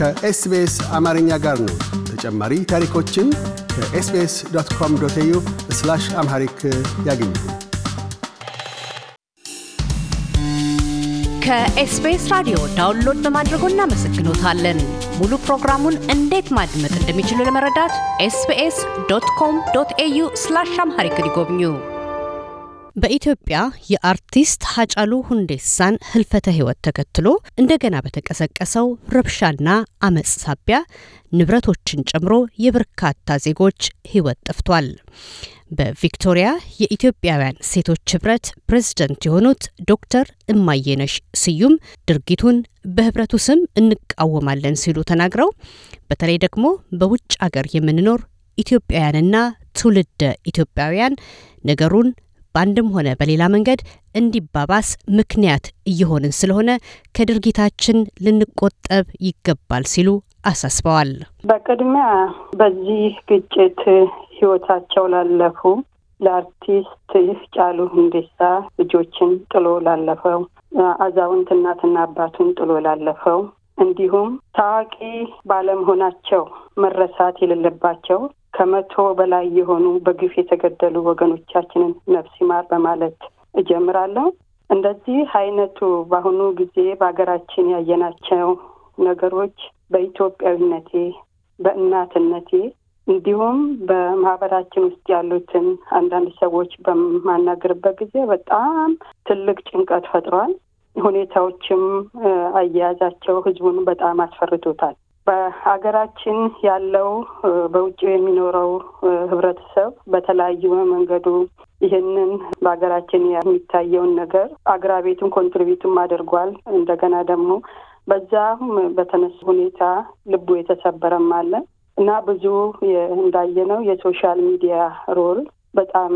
ከኤስቢኤስ አማርኛ ጋር ነው። ተጨማሪ ታሪኮችን ከኤስቢኤስ ዶት ኮም ዶት ዩ ስላሽ አምሃሪክ ያገኙ። ከኤስቢኤስ ራዲዮ ዳውንሎድ በማድረጎ እናመሰግኖታለን። ሙሉ ፕሮግራሙን እንዴት ማድመጥ እንደሚችሉ ለመረዳት ኤስቢኤስ ዶት ኮም ዶት ኤዩ ስላሽ አምሃሪክ ይጎብኙ። በኢትዮጵያ የአርቲስት ሀጫሉ ሁንዴሳን ህልፈተ ህይወት ተከትሎ እንደገና በተቀሰቀሰው ረብሻና አመፅ ሳቢያ ንብረቶችን ጨምሮ የበርካታ ዜጎች ህይወት ጠፍቷል። በቪክቶሪያ የኢትዮጵያውያን ሴቶች ህብረት ፕሬዝደንት የሆኑት ዶክተር እማየነሽ ስዩም ድርጊቱን በህብረቱ ስም እንቃወማለን ሲሉ ተናግረው በተለይ ደግሞ በውጭ አገር የምንኖር ኢትዮጵያውያንና ትውልደ ኢትዮጵያውያን ነገሩን በአንድም ሆነ በሌላ መንገድ እንዲባባስ ምክንያት እየሆንን ስለሆነ ከድርጊታችን ልንቆጠብ ይገባል ሲሉ አሳስበዋል። በቅድሚያ በዚህ ግጭት ህይወታቸው ላለፉ ለአርቲስት ይፍጫሉ ሁንዴሳ ልጆችን ጥሎ ላለፈው አዛውንት እናትና አባቱን ጥሎ ላለፈው እንዲሁም ታዋቂ ባለመሆናቸው መረሳት የሌለባቸው ከመቶ በላይ የሆኑ በግፍ የተገደሉ ወገኖቻችንን ነፍስ ይማር በማለት እጀምራለሁ። እንደዚህ አይነቱ በአሁኑ ጊዜ በሀገራችን ያየናቸው ነገሮች በኢትዮጵያዊነቴ፣ በእናትነቴ እንዲሁም በማህበራችን ውስጥ ያሉትን አንዳንድ ሰዎች በማናገርበት ጊዜ በጣም ትልቅ ጭንቀት ፈጥሯል። ሁኔታዎችም አያያዛቸው ህዝቡን በጣም አስፈርቶታል። በሀገራችን ያለው በውጭ የሚኖረው ህብረተሰብ በተለያዩ መንገዱ ይህንን በሀገራችን የሚታየውን ነገር አግራቤቱን ኮንትሪቢዩትም አድርጓል። እንደገና ደግሞ በዛም በተነሱ ሁኔታ ልቡ የተሰበረም አለ እና ብዙ እንዳየነው የሶሻል ሚዲያ ሮል በጣም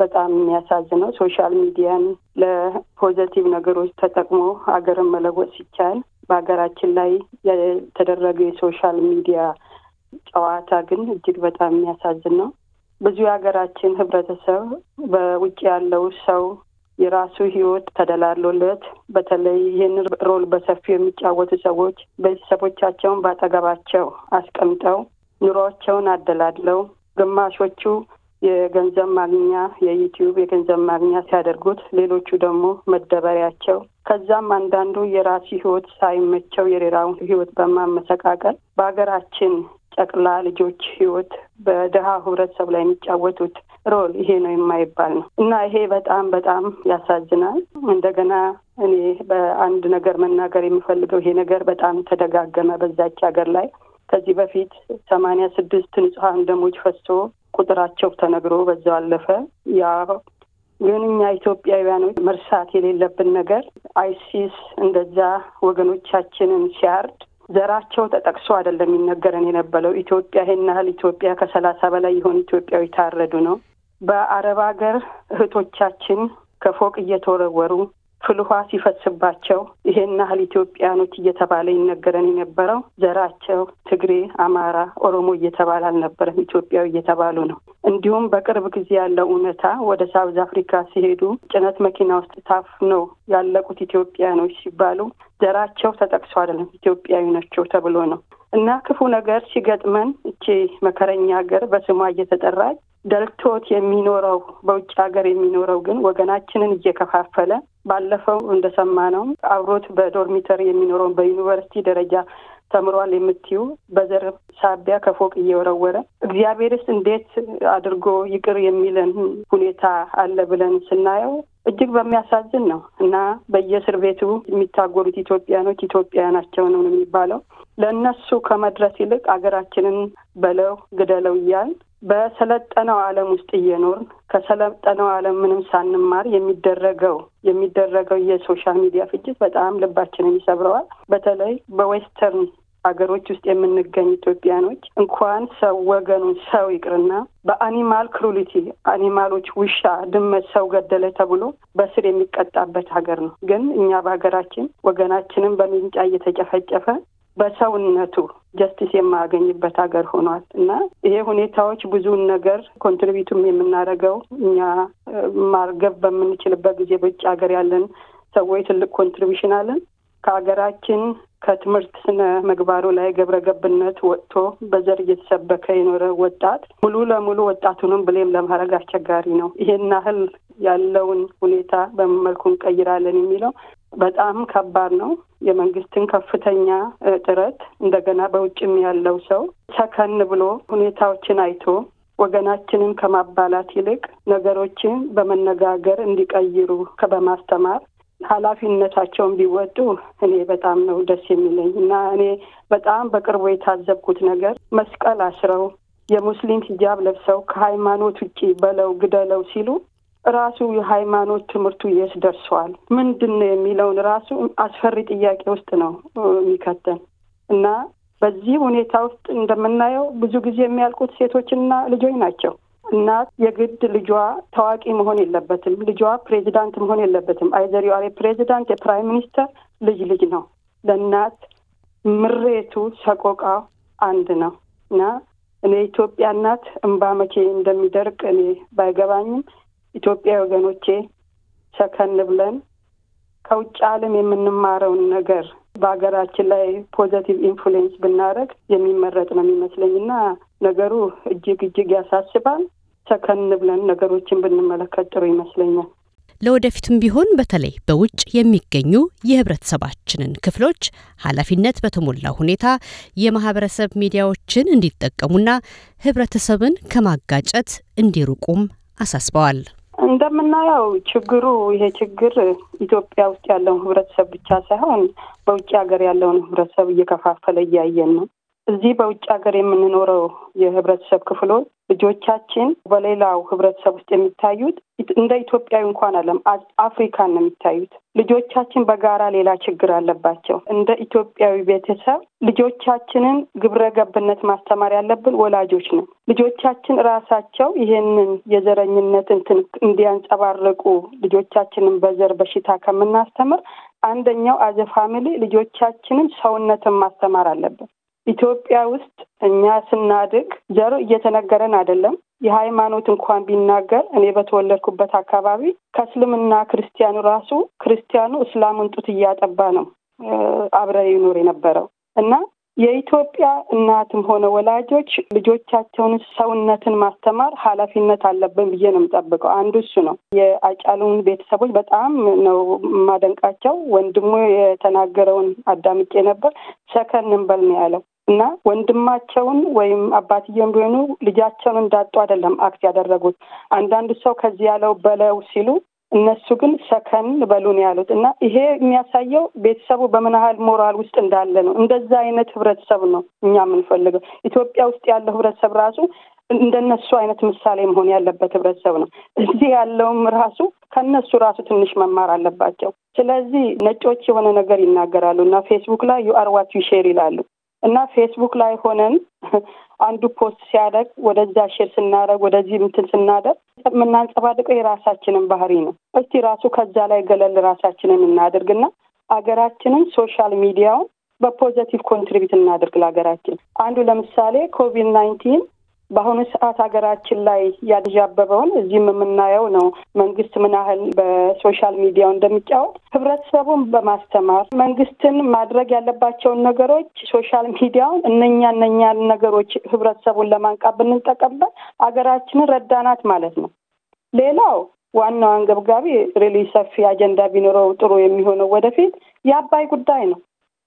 በጣም የሚያሳዝነው ሶሻል ሚዲያን ለፖዘቲቭ ነገሮች ተጠቅሞ ሀገርን መለወጥ ሲቻል በሀገራችን ላይ የተደረገ የሶሻል ሚዲያ ጨዋታ ግን እጅግ በጣም የሚያሳዝን ነው። ብዙ የሀገራችን ህብረተሰብ በውጭ ያለው ሰው የራሱ ህይወት ተደላሎለት በተለይ ይህን ሮል በሰፊው የሚጫወቱ ሰዎች ቤተሰቦቻቸውን በአጠገባቸው አስቀምጠው ኑሯቸውን አደላድለው ግማሾቹ የገንዘብ ማግኛ የዩቲዩብ የገንዘብ ማግኛ ሲያደርጉት፣ ሌሎቹ ደግሞ መደበሪያቸው ከዛም አንዳንዱ የራሱ ህይወት ሳይመቸው የሌላውን ህይወት በማመሰቃቀል በሀገራችን ጨቅላ ልጆች ህይወት በድሀ ህብረተሰብ ላይ የሚጫወቱት ሮል ይሄ ነው የማይባል ነው እና ይሄ በጣም በጣም ያሳዝናል። እንደገና እኔ በአንድ ነገር መናገር የሚፈልገው ይሄ ነገር በጣም ተደጋገመ በዛች ሀገር ላይ ከዚህ በፊት ሰማንያ ስድስት ንጹሐን ደሞች ፈሶ ቁጥራቸው ተነግሮ በዛው አለፈ። ያ ግን እኛ ኢትዮጵያውያኖች መርሳት የሌለብን ነገር አይሲስ እንደዛ ወገኖቻችንን ሲያርድ ዘራቸው ተጠቅሶ አይደለም የሚነገረን የነበረው። ኢትዮጵያ ይሄን ያህል ኢትዮጵያ ከሰላሳ በላይ የሆኑ ኢትዮጵያዊ ታረዱ ነው። በአረብ ሀገር እህቶቻችን ከፎቅ እየተወረወሩ ፍልውሃ ሲፈስባቸው ይሄን ያህል ኢትዮጵያኖች እየተባለ ይነገረን የነበረው ዘራቸው ትግሬ፣ አማራ፣ ኦሮሞ እየተባለ አልነበረም። ኢትዮጵያዊ እየተባሉ ነው። እንዲሁም በቅርብ ጊዜ ያለው እውነታ ወደ ሳውዝ አፍሪካ ሲሄዱ ጭነት መኪና ውስጥ ታፍነው ያለቁት ኢትዮጵያኖች ሲባሉ ዘራቸው ተጠቅሶ አይደለም ኢትዮጵያዊ ናቸው ተብሎ ነው እና ክፉ ነገር ሲገጥመን እቺ መከረኛ ሀገር በስሟ እየተጠራች ደልቶት የሚኖረው በውጭ ሀገር የሚኖረው ግን ወገናችንን እየከፋፈለ ባለፈው እንደሰማ ነው አብሮት በዶርሚተር የሚኖረውን በዩኒቨርሲቲ ደረጃ ተምሯል የምትዩ በዘር ሳቢያ ከፎቅ እየወረወረ እግዚአብሔርስ እንዴት አድርጎ ይቅር የሚለን ሁኔታ አለ ብለን ስናየው እጅግ በሚያሳዝን ነው እና በየእስር ቤቱ የሚታጎሩት ኢትዮጵያኖች ኢትዮጵያ ናቸው ነው የሚባለው። ለእነሱ ከመድረስ ይልቅ አገራችንን በለው ግደለው እያል በሰለጠነው ዓለም ውስጥ እየኖር ከሰለጠነው ዓለም ምንም ሳንማር የሚደረገው የሚደረገው የሶሻል ሚዲያ ፍጅት በጣም ልባችንን ይሰብረዋል። በተለይ በዌስተርን ሀገሮች ውስጥ የምንገኝ ኢትዮጵያኖች እንኳን ሰው ወገኑን ሰው ይቅርና በአኒማል ክሩሊቲ አኒማሎች ውሻ፣ ድመት ሰው ገደለ ተብሎ በስር የሚቀጣበት ሀገር ነው። ግን እኛ በሀገራችን ወገናችንን በሚንጫ እየተጨፈጨፈ በሰውነቱ ጀስቲስ የማያገኝበት ሀገር ሆኗል እና ይሄ ሁኔታዎች ብዙውን ነገር ኮንትሪቢቱም የምናደርገው እኛ ማርገብ በምንችልበት ጊዜ በውጭ ሀገር ያለን ሰዎች ትልቅ ኮንትሪቢሽን አለን። ከሀገራችን ከትምህርት ስነ ምግባሩ ላይ ገብረገብነት ገብነት ወጥቶ በዘር እየተሰበከ የኖረ ወጣት ሙሉ ለሙሉ ወጣቱንም ብሌም ለማድረግ አስቸጋሪ ነው። ይሄን ያህል ያለውን ሁኔታ በምን መልኩ እንቀይራለን የሚለው በጣም ከባድ ነው። የመንግስትን ከፍተኛ ጥረት እንደገና በውጭም ያለው ሰው ሰከን ብሎ ሁኔታዎችን አይቶ ወገናችንን ከማባላት ይልቅ ነገሮችን በመነጋገር እንዲቀይሩ በማስተማር ኃላፊነታቸውን ቢወጡ እኔ በጣም ነው ደስ የሚለኝ እና እኔ በጣም በቅርቡ የታዘብኩት ነገር መስቀል አስረው የሙስሊም ሂጃብ ለብሰው ከሃይማኖት ውጭ በለው ግደለው ሲሉ ራሱ የሃይማኖት ትምህርቱ የት ደርሰዋል? ምንድን ነው የሚለውን ራሱ አስፈሪ ጥያቄ ውስጥ ነው የሚከተን እና በዚህ ሁኔታ ውስጥ እንደምናየው ብዙ ጊዜ የሚያልቁት ሴቶችና ልጆች ናቸው። እናት የግድ ልጇ ታዋቂ መሆን የለበትም፣ ልጇ ፕሬዚዳንት መሆን የለበትም። አይዘር ዩ አር ፕሬዚዳንት የፕራይም ሚኒስተር ልጅ ልጅ ነው። ለእናት ምሬቱ ሰቆቃ አንድ ነው እና እኔ ኢትዮጵያ እናት እምባ መቼ እንደሚደርቅ እኔ ባይገባኝም ኢትዮጵያ ወገኖቼ ሰከን ብለን ከውጭ ዓለም የምንማረውን ነገር በሀገራችን ላይ ፖዘቲቭ ኢንፍሉዌንስ ብናደርግ የሚመረጥ ነው የሚመስለኝ እና ነገሩ እጅግ እጅግ ያሳስባል። ሰከን ብለን ነገሮችን ብንመለከት ጥሩ ይመስለኛል። ለወደፊትም ቢሆን በተለይ በውጭ የሚገኙ የህብረተሰባችንን ክፍሎች ኃላፊነት በተሞላ ሁኔታ የማህበረሰብ ሚዲያዎችን እንዲጠቀሙና ህብረተሰብን ከማጋጨት እንዲርቁም አሳስበዋል። እንደምናየው ችግሩ ይሄ ችግር ኢትዮጵያ ውስጥ ያለውን ህብረተሰብ ብቻ ሳይሆን በውጭ ሀገር ያለውን ህብረተሰብ እየከፋፈለ እያየን ነው። እዚህ በውጭ ሀገር የምንኖረው የህብረተሰብ ክፍሎች ልጆቻችን በሌላው ህብረተሰብ ውስጥ የሚታዩት እንደ ኢትዮጵያዊ እንኳን አለም አፍሪካን ነው የሚታዩት። ልጆቻችን በጋራ ሌላ ችግር አለባቸው። እንደ ኢትዮጵያዊ ቤተሰብ ልጆቻችንን ግብረ ገብነት ማስተማር ያለብን ወላጆች ነው። ልጆቻችን ራሳቸው ይህንን የዘረኝነት እንትን እንዲያንጸባርቁ ልጆቻችንን በዘር በሽታ ከምናስተምር አንደኛው አዘ ፋሚሊ ልጆቻችንን ሰውነትን ማስተማር አለብን። ኢትዮጵያ ውስጥ እኛ ስናድግ ዘሩ እየተነገረን አይደለም። የሃይማኖት እንኳን ቢናገር እኔ በተወለድኩበት አካባቢ ከእስልምና ክርስቲያኑ ራሱ ክርስቲያኑ እስላሙን ጡት እያጠባ ነው አብረ ይኖር የነበረው እና የኢትዮጵያ እናትም ሆነ ወላጆች ልጆቻቸውን ሰውነትን ማስተማር ኃላፊነት አለብን ብዬ ነው የምጠብቀው። አንዱ እሱ ነው። የአጫሉን ቤተሰቦች በጣም ነው የማደንቃቸው። ወንድሙ የተናገረውን አዳምጬ ነበር። ሰከን እንበል ነው ያለው። እና ወንድማቸውን ወይም አባትየውን ቢሆኑ ልጃቸውን እንዳጡ አይደለም አክት ያደረጉት። አንዳንድ ሰው ከዚህ ያለው በለው ሲሉ እነሱ ግን ሰከን በሉን ያሉት እና ይሄ የሚያሳየው ቤተሰቡ በምን ያህል ሞራል ውስጥ እንዳለ ነው። እንደዛ አይነት ህብረተሰብ ነው እኛ የምንፈልገው። ኢትዮጵያ ውስጥ ያለው ህብረተሰብ ራሱ እንደነሱ አይነት ምሳሌ መሆን ያለበት ህብረተሰብ ነው። እዚህ ያለውም ራሱ ከነሱ ራሱ ትንሽ መማር አለባቸው። ስለዚህ ነጮች የሆነ ነገር ይናገራሉ እና ፌስቡክ ላይ ዩ ዋት ዩ ሼር ይላሉ። እና ፌስቡክ ላይ ሆነን አንዱ ፖስት ሲያደርግ ወደዛ ሼር ስናደርግ ወደዚህ ምትን ስናደርግ የምናንጸባርቀው የራሳችንን ባህሪ ነው። እስቲ ራሱ ከዛ ላይ ገለል ራሳችንን እናደርግና አገራችንን ሶሻል ሚዲያውን በፖዘቲቭ ኮንትሪቢዩት እናደርግ ለሀገራችን። አንዱ ለምሳሌ ኮቪድ ናይንቲን በአሁኑ ሰዓት ሀገራችን ላይ ያንዣበበውን እዚህም የምናየው ነው። መንግስት ምን ያህል በሶሻል ሚዲያው እንደሚጫወት ህብረተሰቡን በማስተማር መንግስትን ማድረግ ያለባቸውን ነገሮች ሶሻል ሚዲያውን እነኛ እነኛ ነገሮች ህብረተሰቡን ለማንቃት ብንጠቀምበት ሀገራችንን ረዳናት ማለት ነው። ሌላው ዋናው አንገብጋቢ ሪሊ ሰፊ አጀንዳ ቢኖረው ጥሩ የሚሆነው ወደፊት የአባይ ጉዳይ ነው።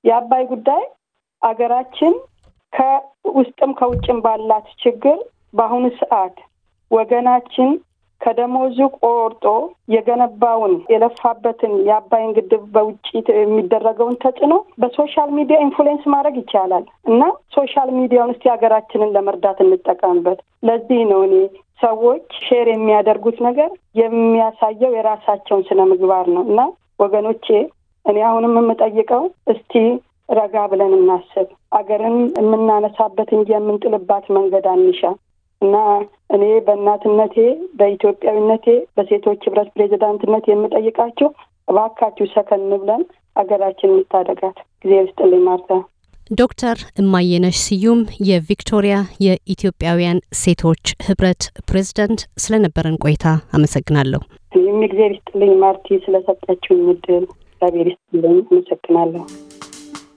የአባይ ጉዳይ አገራችን ከውስጥም ከውጭም ባላት ችግር በአሁኑ ሰዓት ወገናችን ከደሞዙ ቆርጦ የገነባውን የለፋበትን የአባይን ግድብ በውጭ የሚደረገውን ተጽዕኖ በሶሻል ሚዲያ ኢንፍሉዌንስ ማድረግ ይቻላል እና ሶሻል ሚዲያውን እስቲ ሀገራችንን ለመርዳት እንጠቀምበት። ለዚህ ነው እኔ ሰዎች ሼር የሚያደርጉት ነገር የሚያሳየው የራሳቸውን ስነ ምግባር ነው እና ወገኖቼ እኔ አሁንም የምጠይቀው እስቲ ረጋ ብለን እናስብ። አገርን የምናነሳበት እንጂ የምንጥልባት መንገድ አንሻ እና እኔ በእናትነቴ በኢትዮጵያዊነቴ በሴቶች ህብረት ፕሬዚዳንትነት የምጠይቃችሁ እባካችሁ ሰከን ብለን አገራችን የምታደጋት ጊዜ ውስጥልኝ ማርታ። ዶክተር እማየነሽ ስዩም የቪክቶሪያ የኢትዮጵያውያን ሴቶች ህብረት ፕሬዝዳንት ስለነበረን ቆይታ አመሰግናለሁ። እኔም እግዜር ይስጥልኝ ማርቲ ስለሰጠችው ምድል እግዚአብሔር ይስጥልኝ። አመሰግናለሁ።